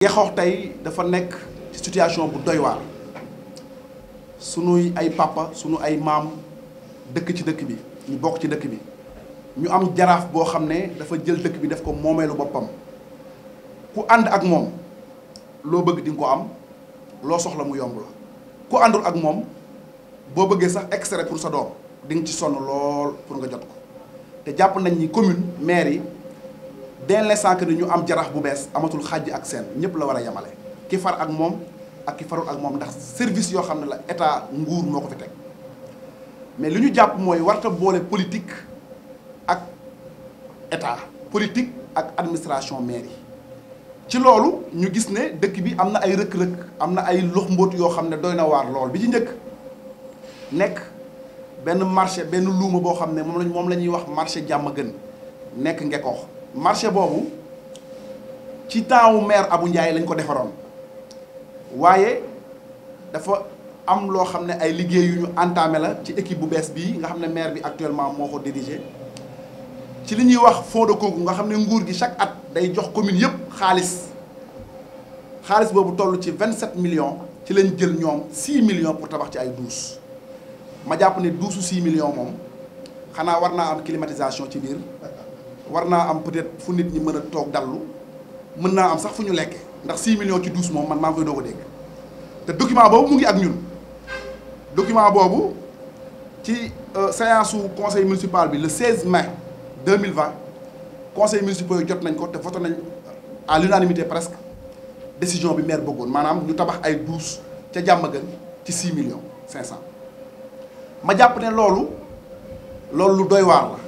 Ngexoox tey dafa nekk ci situation bu doy waar sunuy ay papa sunu ay maam dëkk ci dëkk bi ñu bokk ci dëkk bi ñu am jaraaf boo xam ne dafa jël dëkk bi def ko moomeelu boppam ku ànd ak moom loo bëgg di ko am loo soxla mu yomb la ku àndul ak moom boo bëggee sax extrait pour sa doom di nga ci sonn lool pour nga jot ko te jàpp nañ ni commune maire yi dès l'instant que ñu am jarax bu bees amatul xàjj ak seen ñëpp la war a yemale ki far ak moom ak ki farul ak moom ndax service yoo xam ne la état nguur moo ko fi teg mais li ñu jàpp mooy warta boole politique ak état politique ak administration mairie ci loolu ñu gis ne dëkk bi am na ay rëkk-rëkk am na ay lox mbóot yoo xam ne doy na waar lool bi ci njëkk nekk benn marché benn luuma boo xam ne moom lañ moom la ñuy wax marché jàmm gën nekk ngekoox marché bobu ci taw wu maire Abou Ndiaye lañ ko defaroon wayé dafa am lo xamné ay liggéey yu ñu entamé la ci équipe bu bess bi nga xamné ne maire bi actuellement moko diriger ci li ñuy wax fond de concours nga xamné nguur gi chaque at day jox commune yépp xaalis xaalis bobu tollu ci 27 millions ci lañ jël ñom 6 millions pour tabax ci ay douches ma japp né douche 6 millions mom xana warna am climatisation ci bir war naa am peut-être fu nit ñi mën a toog dallu mën naa am sax fu ñu lekkee ndax 6 millions ci douze moom man maa ngi koy doog a dégg te document boobu mu ngi ak ñun document boobu ci euh, séance su conseil municipal bi le 16 mai 2020 conseil municipal yi jot nañ ko te voté nañ à l'unanimité presque décision bi maire bëggoon maanaam ñu tabax ay douze ca jàmm gën ci 6 millions 500 ma jàpp ne loolu loolu lu doy waar la.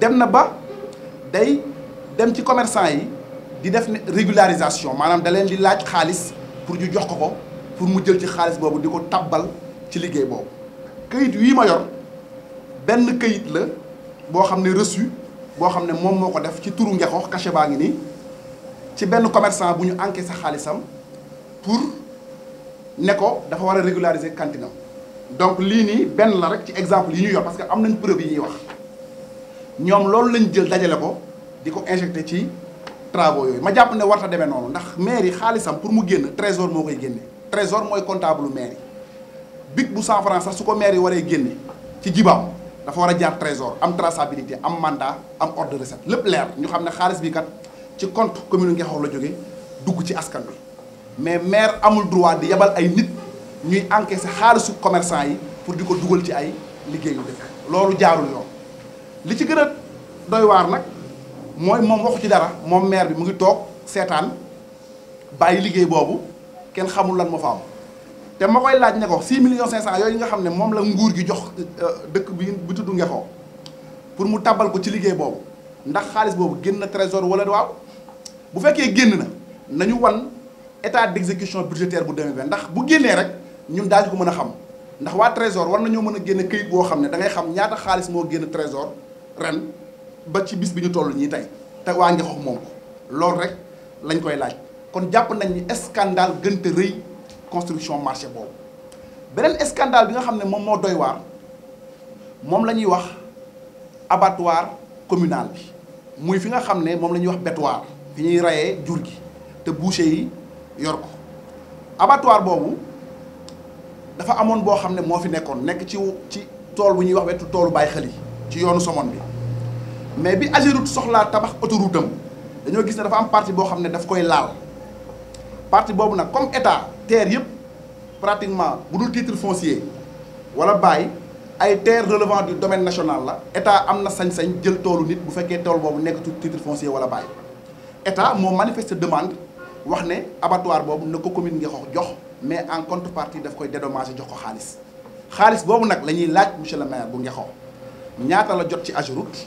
dem na ba day dem ci commerçant yi di def régularisation manam da leen di laaj xaalis pour ñu jox ko ko pour mu jël ci xaalis bobu diko tabal ci liggéey bobu kayit wii ma yor ben kayit la bo xamné reçu bo xamné mom moko def ci turu Ngexox cachet baa ngi nii ci ben commerçant bu ñu encaissé xaalisam pour né ko dafa wara régulariser kantinam donc li ni ben la rek ci exemple yi ñu yor parce que am nañ preuve yi ñi wax. ñoom loolu lañ jël dajale ko di ko injecté ci travaux yooyu ma jàpp ne warta demee noonu ndax yi xaalisam pour mu génn trésor moo koy génne trésor mooy comptable mairie bic bu cent francs sax su ko mairie waree génne ci jibaam dafa war a jaar trésor am traçabilité am mandat am ordre de lépp leer ñu xam ne xaalis bi kat ci compte commune Ngexox la jóge dugg ci askan bi mais maire amul droit di yebal ay nit ñuy encaisser xaalisu commerçant yi pour di ko dugal ci ay liggéeyu loolu jaarul yoon li ci gën a doy waar nag mooy moom waxu ci dara moom maire bi mu ngi toog seetaan bàyyi liggéey boobu kenn xamul lan moo fa am te ma koy laaj ne ko 6 millions 500 yooyu nga xam ne moom la nguur gi jox euh, dëkk bi bi tudd Ngexo pour mu tabal ko ci liggéey boobu ndax xaalis boobu génn na trésor wala waaw bu fekkee génn na ñu wan état d'exécution budgétaire bu 2020 ndax bu génnee rek ñun daañu ko mën a xam ndax waa trésor war nañoo mën a génne këyit boo xam ne da ngay xam xaalis moo génn trésor ren ba ci bis bi ñu toll ñii tey te waa Njaxoox moom ko loolu rek lañ koy laaj kon jàpp nañ ni scandale gënte rëy construction marché boobu beneen scandale bi nga xam ne moom moo doy waar moom la ñuy wax abattoir communal bi muy fi nga xam ne moom la ñuy wax bétoir fi ñuy reyee jur gi te boucher yi yor ko abattoir boobu dafa amoon boo xam ne moo fi nekkoon nekk ci ci tool bu ñuy wax wetu toolu Baye Xali ci yoonu Somone bi mais bi Ageroute soxlaa tabax autoroute am dañoo gis ne dafa am partie boo xam ne daf koy laal partie boobu nag comme état terre yëpp pratiquement bu dul titre foncier wala bàyyi ay terre relevant du domaine national la état am na sañ-sañ jël toolu nit bu fekkee tool boobu nekkatu titre foncier wala bàyyi état moo manifeste demande wax ne abattoir boobu na ko commune Ngexox jox mais en contre contrepartie daf koy dédommager jox ko xaalis xaalis boobu nag la ñuy laaj monsieur le maire bu Ngexox ñaata la jot ci Ageroute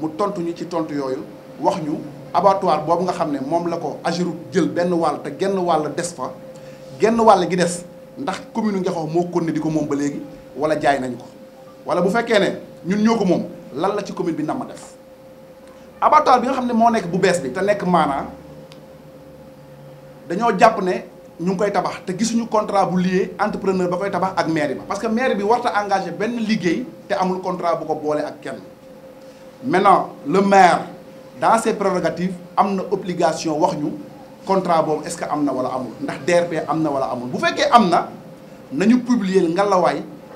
mu tontu ñu ci tontu yooyu wax ñu abattoir boobu nga xam ne moom la ko Ageroute jël benn wàll te genn wàll des fa genn wàll gi des ndax commune Ngexoox moo kon ne di ko moom ba léegi wala jaay nañ ko wala bu fekkee ne ñun ñoo ko moom lan la ci commune bi nam ma def abattoir bi nga xam ne moo nekk bu bees bi te nekk maanaa dañoo jàpp ne ñu ngi koy tabax te gisuñu contrat bu lié entrepreneur ba koy tabax ak mairie ba parce que mairie bi warta engagé benn liggéey te amul contrat bu ko boole ak kenn maintenant le maire dans ses prérogatives a une obligation contrat est-ce que amna wala amul ndax DRP amna wala amul bu fekke amna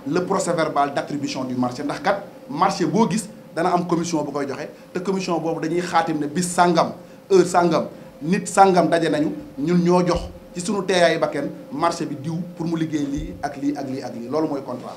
le procès verbal d'attribution du marché ndax kat marché bo gis dana am commission bu koy joxe te commission dañuy ne bis sangam heure sangam nit sangam dajé nañu ñun ñoo jox ci sunu bakken marché bi diw pour mu liggéey li ak li ak li ak li lolu moy contrat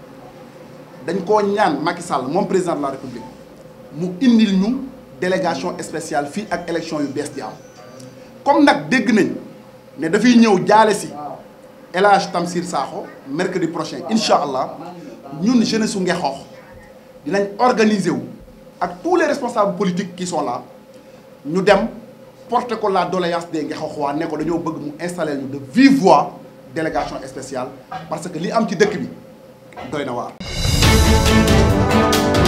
dañ ko ñaan Macky Sall président de la République mu indil ñu délégation spéciale fi ak élection yu bëss di am comme nak dégg nañ ne dafay ñëw jaale ci El Tamsir Saxo mercredi prochain inshallah ñun jeunesse su Ngexoox dinañ organiser wu ak tous les responsables politiques qui sont là ñu dem porter ko la doléance des ngexox wa né ko dañu bëgg mu installer ñu de vive voix délégation spéciale parce que li am ci dëkk bi doyna na Thank you.